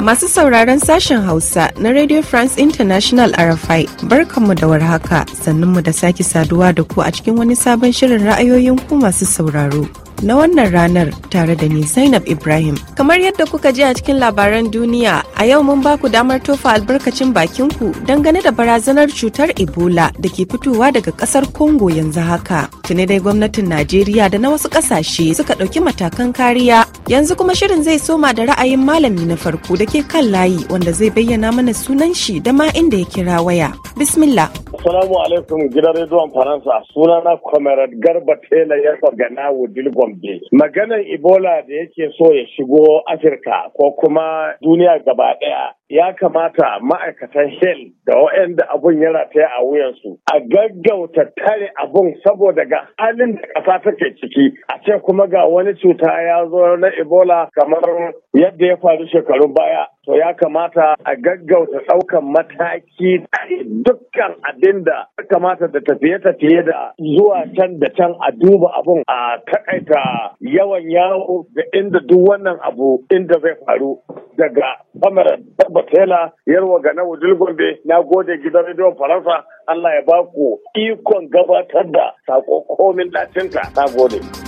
Masu sauraron sashen Hausa na Radio France International RFI barkanmu da warhaka sannunmu da sake saduwa da ku a cikin wani sabon shirin ra'ayoyin ku masu sauraro. na wannan ranar tare da ni Zainab Ibrahim. Kamar yadda kuka ji a cikin labaran duniya, a yau mun ba ku damar tofa albarkacin bakin ku dangane da barazanar cutar Ebola da ke fitowa daga kasar Congo yanzu haka. Tune dai gwamnatin Najeriya da na wasu kasashe suka ɗauki matakan kariya. Yanzu kuma shirin zai soma da ra'ayin malami na farko da ke kan layi wanda zai bayyana mana sunan shi da ma inda ya kira waya. Bismillah. Assalamu alaikum gidan rediyon Faransa sunana Comrade Garba Tela ya gana wa Gombe. Maganar Ebola da yake so ya shigo Afirka ko kuma duniya gaba ɗaya. Ya kamata ma'aikatan Shell da waɗanda abun ya rataya a wuyansu a gaggauta tare abun saboda ga halin da ƙasa take ciki a ce kuma ga wani cuta ya zo na Ebola kamar yadda ya faru shekarun baya to ya kamata a gaggauta ɗaukan mataki dukkan abin da ya kamata da tafiye-tafiye da zuwa can da can a duba abun a takaita yawan yawo da inda duk wannan abu inda zai faru daga famar tela yarwa ga wudil gombe na gode gidan rediyon faransa allah ya baku ikon gabatar da sako komin latinta na gode.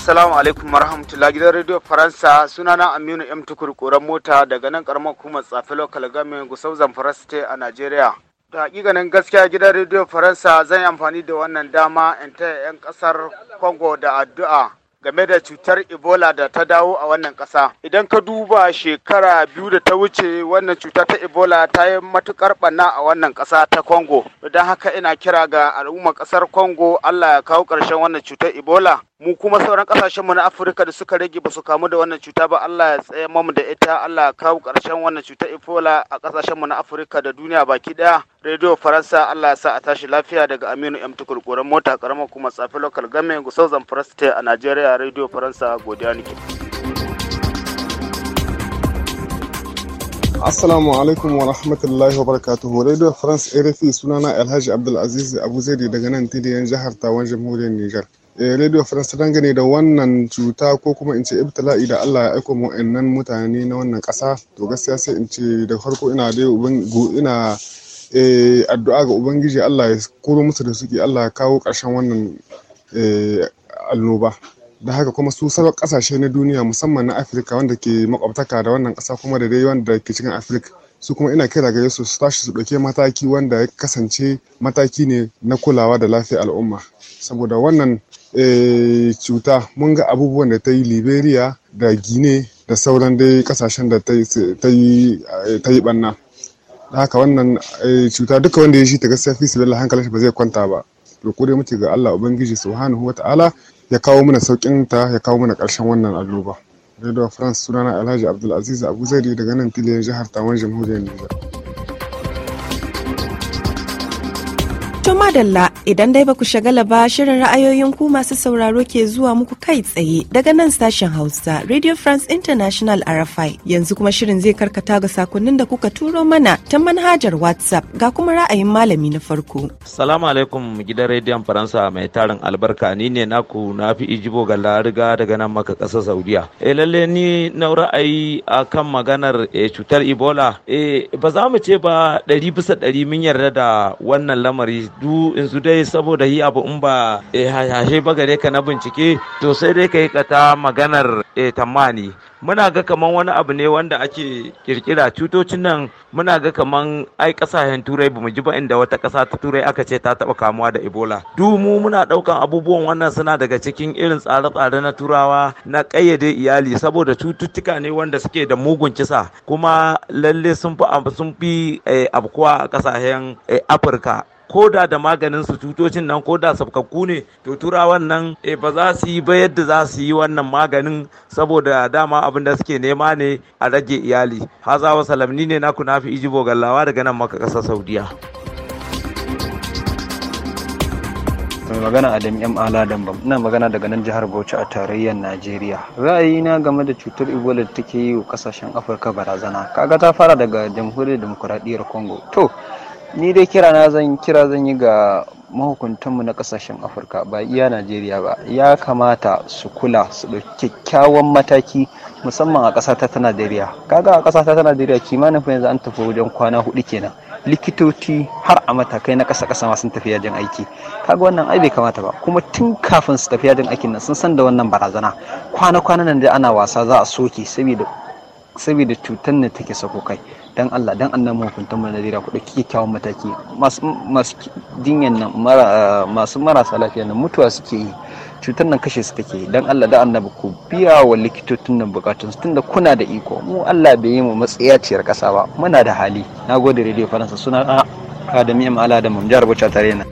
Assalamu alaikum warahmatullahi gidan Radio Faransa sunana Aminu M Tukur koran mota daga nan karamar hukumar Tsafi Local Government Gusau Zamfara State a Najeriya. Da nan gaskiya gidan Radio Faransa zan yi amfani da wannan dama in taya 'yan kasar Congo da addu'a game da cutar Ebola da ta dawo a wannan ƙasa. Idan ka duba shekara biyu da ta wuce wannan cuta ta Ebola ta yi matuƙar ɓanna a wannan ƙasa ta Congo. Don haka ina kira ga al'ummar ƙasar Congo Allah ya kawo ƙarshen wannan cutar Ebola. mu kuma sauran kasashen mu na Afirka da suka rage ba su kamu da wannan cuta ba Allah ya tsaye mamu da ita Allah ya kawo ƙarshen wannan cuta Ebola a kasashen mu na Afirka da duniya baki daya Radio Faransa Allah ya sa a tashi lafiya daga Aminu M Tukur Mota karamar kuma Tsafi Local Government Gusau Faransa a Najeriya Radio Faransa godiya nake. Assalamu alaikum wa rahmatullahi wa barakatuhu. Radio France RFI sunana Alhaji Abdulaziz Abu Zaidi daga nan tidiyan jihar Tawan Jamhuriyar niger. Eh, radio france dangane da wannan cuta ko kuma in ce ibtila'i da allah ya aiko nan mutane na wannan ƙasa to gaskiya sai in ce da farko ina dai ina eh, addu'a ga ubangiji allah ya kuro musu da suke allah ya kawo karshen wannan eh, annoba da haka kuma su sauran kasashe na duniya musamman na afirka wanda ke makwabtaka da wannan kasa kuma da dai wanda ke cikin afirka su kuma ina kira gare su su tashi su ɗauki mataki wanda ya kasance mataki ne na kulawa da lafiyar al'umma saboda wannan eh, cuta mun ga abubuwan da ta yi liberia da gine da sauran dai kasashen da ta yi banna eh, da haka wannan eh, cuta duka wanda ya shi ta gaskiya fi sibilla hankalin shi ba zai kwanta ba roƙo dai muke ga allah ubangiji subhanahu wa ta'ala ya kawo mana sauƙin ya kawo mana ƙarshen wannan ba Radio France sunana Alhaji Abdulaziz Abu Zari daga nan tilayen jihar taman Jamhuriyar Nijar. To madalla idan dai baku shagala ba shirin ra'ayoyin ku masu sauraro ke zuwa muku kai tsaye daga nan sashen Hausa Radio France International RFI yanzu kuma shirin zai karkata ga sakonnin da kuka turo mana ta manhajar WhatsApp ga kuma ra'ayin malami na farko. Salamu alaikum gidan rediyon Faransa mai tarin albarka ni ne naku na fi ijibo ga lariga daga nan maka ƙasar Saudiya. E lalle ni na ra'ayi akan maganar eh, cutar Ebola. Eh ba za mu ce ba ɗari bisa ɗari mun yarda da wannan lamari du yanzu dai saboda yi abu in ba hashe eh, ba gare ka na bincike to sai dai ka yi kata maganar e, tamani muna ga kaman wani abu ne wanda ake kirkira tutocin nan muna ga kaman ai kasashen turai bamu ji ba inda wata kasa ta turai aka ce ta taba kamuwa da ebola du mu muna daukan abubuwan wannan suna daga cikin irin tsare-tsare na turawa na kayyade iyali saboda cututtuka ne wanda suke da mugun kisa kuma lalle sun fi sun fi eh, a kasashen afirka koda da maganin su tutocin nan koda sabkakku ne to turawan nan e ba za su yi ba yadda za su yi wannan maganin saboda dama abin da suke nema ne a rage iyali hazawa salamni ne naku nafi ijibo gallawa daga nan maka ƙasar saudiya mai magana adam yam ala dambam ina magana daga nan jihar bauchi a tarayyar najeriya na game da cutar ebola da take yi wa kasashen afirka barazana kaga ta fara daga jamhuriyar demokuraɗiyyar congo to ni dai kira na zan kira zan yi ga mahukuntanmu na kasashen afirka ba iya najeriya ba ya kamata su kula su ɗauki kyakkyawan mataki musamman a ƙasa ta najeriya kaga a ƙasa ta najeriya kimanin fa yanzu an tafi wajen kwana hudu kenan likitoci har a matakai na ƙasa ƙasa sun tafi yajin aiki kaga wannan ai bai kamata ba kuma tun kafin su tafi yajin aikin nan sun san da wannan barazana kwana kwana nan da ana wasa za a soke saboda saboda cutar da take sako kai dan Allah dan annan mahukuntan mu Najeriya ku dauki kyakkyawan mataki masu masu nan masu marasa lafiya nan mutuwa suke yi cutar nan kashe su take dan Allah da annabi ku biya wa likitocin nan bukatun tunda kuna da iko mu Allah bai yi mu matsayaciyar kasa ba muna da hali nagode rediyo faransa suna Adamu Ala da Mamjar Bocca tare na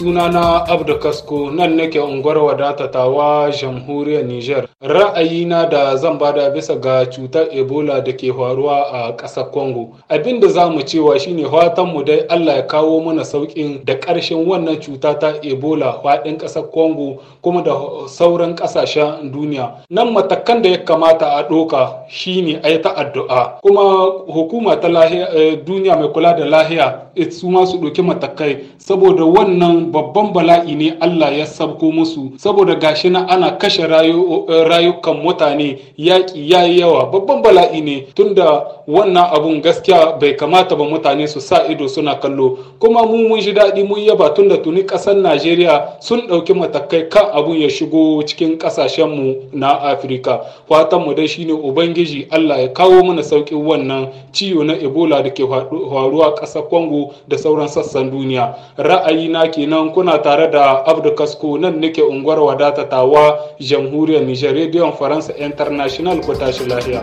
sunana abdu kasko nan nake unguwar wadatatawa jamhuriyar niger ra'ayina da zan bada bisa ga cutar ebola da ke faruwa a ƙasar congo abin da za mu cewa shine mu dai allah ya kawo mana sauƙin da ƙarshen wannan cuta ta ebola faɗin ƙasar congo kuma da sauran ƙasashen duniya nan matakan da ya kamata a ɗoka shine ai ta addu'a kuma hukuma ta eh, duniya mai kula da lahiya Eh, su ma su ɗauki matakai saboda wannan babban bala'i ne Allah ya sabko musu saboda gashi na ana kashe eh, rayukan mutane yaƙi ya yi yawa babban bala'i ne tunda wannan abun gaskiya bai kamata ba mutane su sa ido suna kallo kuma mu mun ji daɗi mun yaba tunda tuni ƙasar Najeriya sun ɗauki matakai kan abun ya shigo cikin ƙasashenmu na Afirka fatan fatanmu dai shine Ubangiji Allah ya kawo mana sauƙin wannan ciwo na Ebola da ke faruwa ƙasar Congo da sauran sassan duniya ra'ayina kenan kuna tare da abdu kasko nan nake unguwar wadatatawa jamhuriyar nijar rediyon faransa international ku tashi lahiya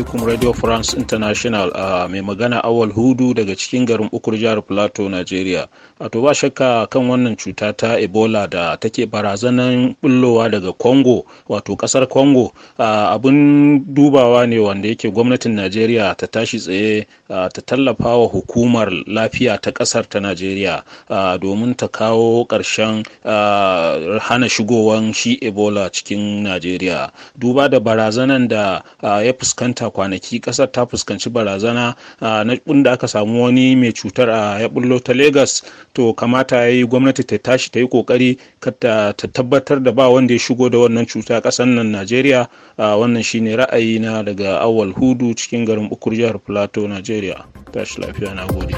alaikum Radio France International a ah, mai magana awal hudu daga cikin garin ukur jihar Plateau, Nigeria. A ah, to ba shakka kan wannan cuta ta Ebola da take barazanan bullowa daga Congo, wato kasar Congo, ah, abun dubawa ne wanda yake gwamnatin nigeria ta tashi tsaye ta tallafa wa hukumar lafiya ta kasar ta nigeria domin ta kawo ƙarshen hana shigowan shi Ebola cikin nigeria Duba da barazanan da ya fuskanta kwanaki kasar ta fuskanci barazana na da aka samu wani mai cutar a ya bullo ta lagos to kamata yayi gwamnati ta tashi ta yi kokari ta tabbatar da ba wanda ya shigo da wannan cuta kasar nan najeriya wannan shine ra'ayi na daga awal hudu cikin garin bukur jihar plateau najeriya tashi lafiya na gode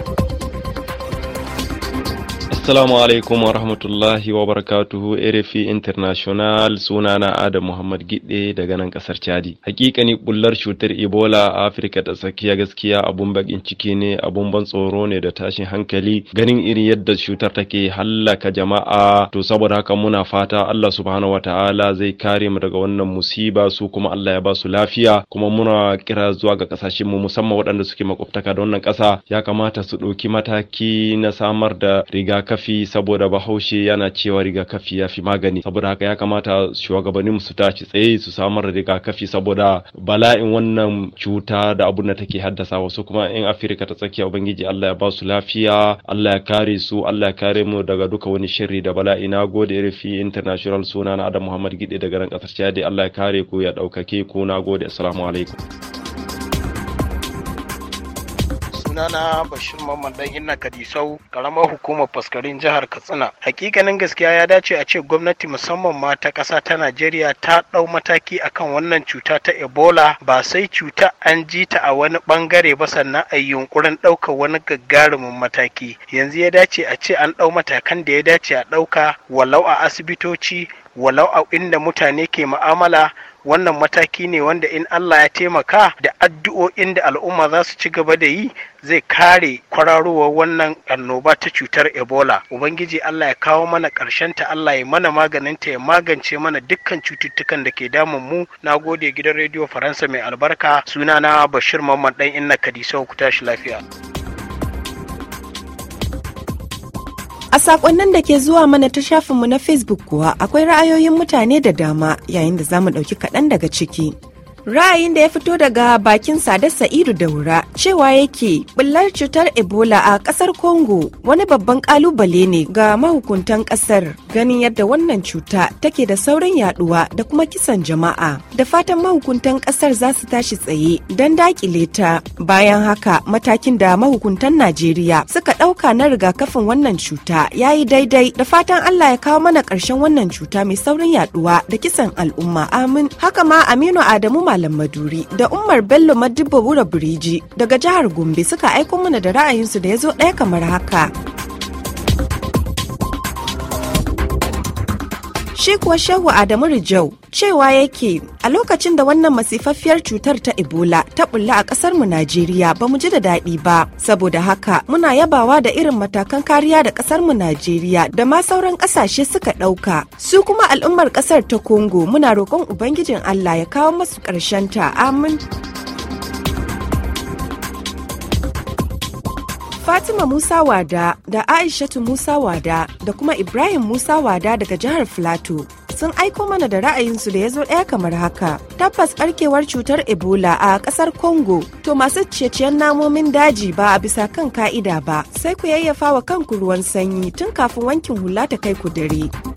assalamu alaikum wa rahmatullahi wa barakatuhu rfi international sunana adam muhammad gidde daga nan kasar chadi hakikani bullar cutar ebola a afirka ta tsakiya gaskiya abun bakin ciki ne abun ban tsoro ne da tashin hankali ganin irin yadda cutar take hallaka jama'a to saboda haka muna fata allah subhanahu wataala zai kare mu daga wannan musiba su kuma allah ya ba su lafiya kuma muna kira zuwa ga kasashen mu musamman waɗanda suke makwabtaka da wannan ƙasa ya kamata su ɗauki mataki na samar da riga rigakafi saboda bahaushe yana cewa rigakafi ya fi magani saboda haka ya kamata shugabannin su tashi tsaye su samar da rigakafi saboda bala'in wannan cuta da abun da take haddasa wasu kuma in afirka ta tsakiya ubangiji allah ya ba su lafiya allah ya kare su allah ya kare mu daga duka wani shirri da bala'i na gode rufi international suna na adam muhammad gide daga nan kasar chadi allah ya kare ku ya daukake ku na gode assalamu alaikum sunana Bashir Mamman dan Inna Kadisau, karamar hukumar faskarin jihar Katsina. Hakikanin gaskiya ya dace a ce gwamnati musamman ma ta ƙasa ta Najeriya ta ɗau mataki akan wannan cuta ta Ebola ba sai cuta an ji ta a wani bangare ba sannan a yunkurin ɗaukar wani gagarumin mataki. Yanzu ya dace a ce an ɗau matakan da ya dace a ɗauka walau a asibitoci walau a inda mutane ke mu'amala. wannan mataki ne wanda in Allah ya taimaka da addu'o'in da al'umma za su ci gaba da yi zai kare kwararowar wannan annoba ta cutar ebola ubangiji allah ya kawo mana ta allah ya mana maganinta ya magance mana dukkan cututtukan da ke damun mu na gode gidan rediyo faransa mai albarka sunana bashir mamman dan inna kadisau ku tashi lafiya A sakonnin da ke zuwa mana ta shafinmu na Facebook kuwa akwai ra'ayoyin mutane da dama yayin da za mu ɗauki kaɗan daga ciki. ra'ayin da ya fito daga bakin sada sa'idu daura cewa yake bullar cutar ebola a kasar congo wani babban kalubale ne ga mahukuntan kasar ganin yadda wannan cuta take da saurin yaduwa da kuma kisan jama'a da fatan mahukuntan kasar za su tashi tsaye don dakile ta bayan haka matakin da mahukuntan najeriya suka dauka na rigakafin wannan cuta ya yi daidai da fatan allah ya kawo mana karshen wannan cuta mai saurin yaduwa da kisan al'umma amin haka ma aminu adamu Malam Maduri da Umar Bello Madiba Wura Biriji daga jihar Gombe suka aiko mana da ra'ayinsu da ya zo ɗaya kamar haka. Shi kuwa Shehu Adamu Rijau cewa yake a lokacin da wannan masifaffiyar cutar ta Ebola ta bulla a kasar mu Najeriya ba mu ji da daɗi ba. Saboda haka muna yabawa da irin matakan kariya da kasar mu Najeriya da ma sauran kasashe suka ɗauka. Su kuma al'ummar kasar ta Congo muna roƙon Ubangijin Allah ya kawo masu ƙarshen ta. Amin. Fatima Musa Wada da Aishatu Musa Wada da kuma Ibrahim Musa Wada daga jihar Filato sun aiko mana da ra'ayinsu da ya zo ɗaya kamar haka. Tabbas ɓarkewar cutar Ebola a ƙasar Congo, to masu ciye namomin daji ba a bisa kan ka'ida ba, sai ku yayyafa wa kanku ruwan sanyi tun kafin wankin hula ta kai ku dare.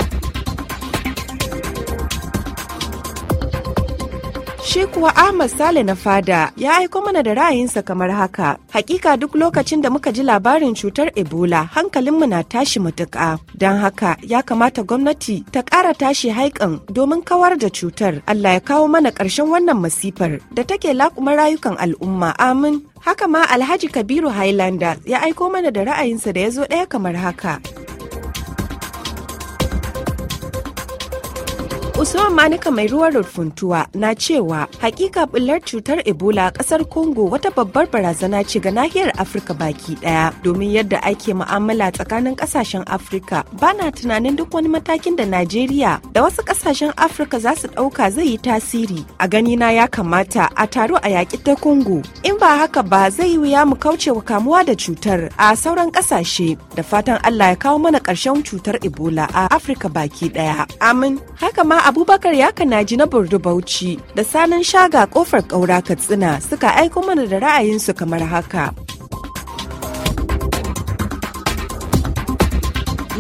Shi kuwa Ahmad Sale na fada ya aiko mana da ra'ayinsa kamar haka. Hakika duk lokacin da muka ji labarin cutar Ebola hankalinmu na tashi matuƙa. Don haka ya kamata gwamnati ta ƙara tashi haikan domin kawar da cutar. Allah ya kawo mana ƙarshen wannan masifar da take laƙuma rayukan al'umma. Amin. Haka ma Alhaji Kabiru Highlander ya aiko mana da ra'ayinsa da ya zo ɗaya kamar haka. Usman Manika mai ruwan rufuntuwa na cewa hakika bullar cutar Ebola a kasar Congo wata babbar barazana ce ga nahiyar Afirka baki daya domin yadda ake mu'amala tsakanin kasashen Afirka bana tunanin duk wani matakin da Najeriya da wasu kasashen Afirka za su dauka zai yi tasiri a gani na ya kamata a taro a yaki ta Congo in ba haka ba zai yi wuya mu kauce wa kamuwa da cutar a sauran kasashe da fatan Allah ya kawo mana ƙarshen cutar Ebola a Afirka baki daya amin haka ma Abubakar ya kanaji na Burdu Bauchi da Sanin Shaga kofar ƙaura Katsina suka aiko mana da ra'ayinsu kamar haka.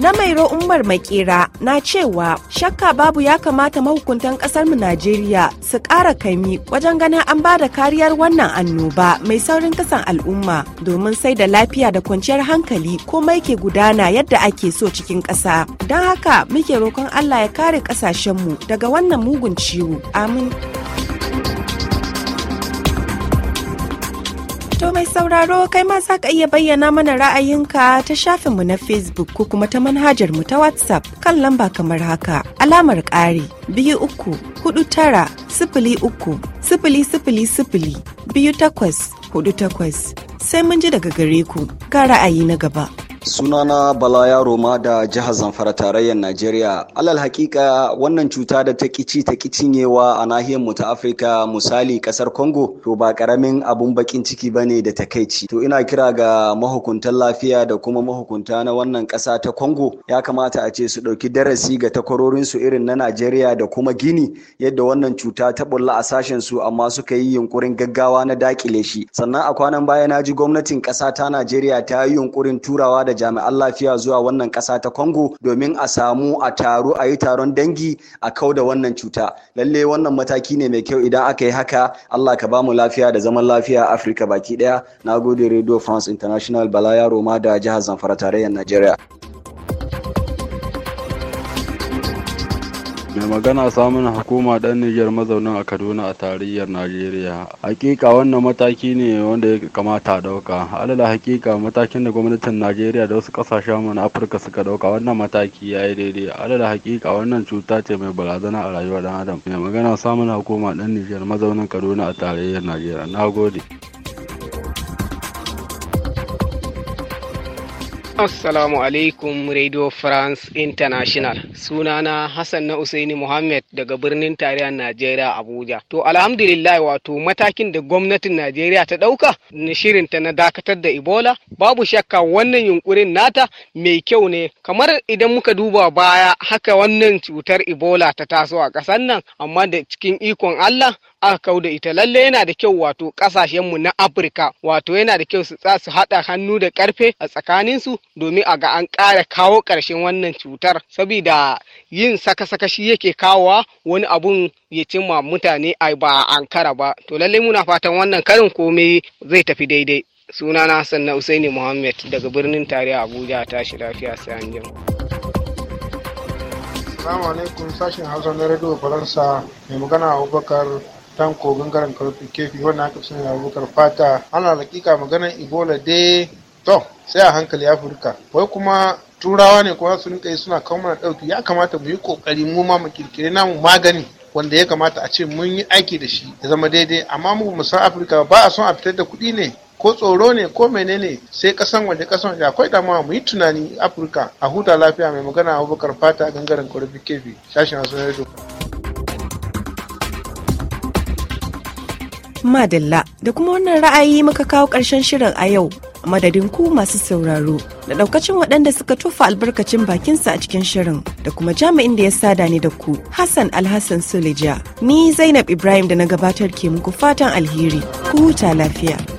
na mairo umar makera na cewa shakka babu ya kamata mahukuntan mu najeriya su kara kaimi wajen ganin an ba da kariyar wannan annoba mai saurin kasan al'umma domin sai da lafiya da kwanciyar hankali komai ke gudana yadda ake so cikin ƙasa don haka muke roƙon allah ya kare ƙasashenmu daga wannan mugun ciwo amin To mai sauraro kai ma za ka iya bayyana mana ra'ayinka ta shafinmu na Facebook ko kuma ta manhajar mu ta WhatsApp kan lamba kamar haka alamar ƙari biyu uku hudu tara sifili uku sifili sifili sifili biyu takwas hudu takwas sai mun ji daga gare ku ga ra'ayi na gaba. sunana bala yaro ma da jihar zamfara tarayyar najeriya alal hakika wannan cuta da ta kici ta cinyewa a nahiyar mu ta afirka misali kasar congo to ba karamin abun bakin ciki ba ne da takaici to ina kira ga mahukuntan lafiya da kuma mahukunta na wannan kasa ta congo ya kamata a ce su ɗauki darasi ga takwarorinsu irin na najeriya da kuma gini yadda wannan cuta ta bulla a sashen su amma suka yi yunkurin gaggawa na dakile shi sannan a kwanan baya na ji gwamnatin ƙasa ta najeriya ta yi yunkurin turawa da jami'an lafiya zuwa wannan ƙasa ta Congo domin a samu a taro a yi taron dangi a kau da wannan cuta. Lalle wannan mataki ne mai kyau idan aka yi haka Allah ka bamu lafiya da zaman lafiya a Afirka baki ɗaya. Na gode Radio France International Bala Yaro ma da jihar Zamfara tarayyar Najeriya. mai magana samun hukuma dan Nijar mazaunin a Kaduna a tarayyar Najeriya. Hakika wannan mataki ne wanda ya kamata a dauka. Alala hakika matakin da gwamnatin Najeriya da wasu kasashen mu na Afirka suka dauka wannan mataki ya yi daidai. Alala hakika wannan cuta ce mai barazana a rayuwar dan Adam. Mai magana samun hukuma dan Nijar mazaunin Kaduna a tarayyar Najeriya. gode. Assalamu alaikum Radio France International. Sunana Hassan na Usaini Muhammad daga birnin tarihin Najeriya Abuja. To alhamdulillah wato matakin da gwamnatin Najeriya ta ɗauka na shirinta na dakatar da Ebola babu shakka wannan yunkurin nata mai kyau ne kamar idan muka duba baya haka wannan cutar Ebola ta taso a ƙasar nan amma da cikin ikon Allah aka kau da ita lalle yana da kyau wato kasashenmu na afirka wato yana da kyau su su haɗa hannu da karfe a tsakanin su domin a ga an kara kawo karshen wannan cutar saboda yin saka-saka shi yake kawowa wani abun ya cimma mutane a ba ankara ba to lalle muna fatan wannan karin komai zai tafi daidai sunana hassan na usaini muhammed daga birnin tarihi abuja tashi lafiya sai an jima. Assalamu alaikum sashen Hausa na Radio Faransa mai magana Abubakar tanko gangaren karfi kefi wannan aka fi sanya abubakar fata ana hakika maganar ebola dai to sai a hankali afirka wai kuma turawa ne kuma su rinka yi suna kawo mana ɗauki ya kamata mu yi ƙoƙari mu ma mu kirkiri namu magani wanda ya kamata a ce mun yi aiki da shi ya zama daidai amma mu mu san afirka ba a son a fitar da kuɗi ne ko tsoro ne ko menene sai kasan waje kasan waje akwai damuwa mu yi tunani afirka a huta lafiya mai magana abubakar fata gangaren kwarfi kefi sashen asusun doka. madalla da kuma wannan ra'ayi muka kawo ƙarshen shirin a yau madadin ku masu sauraro da ɗaukacin waɗanda suka tofa albarkacin bakinsa a cikin shirin da kuma jami'in da ya sada ni da ku hassan alhassan suleja ni zainab ibrahim da na gabatar ke muku fatan alheri ku huta lafiya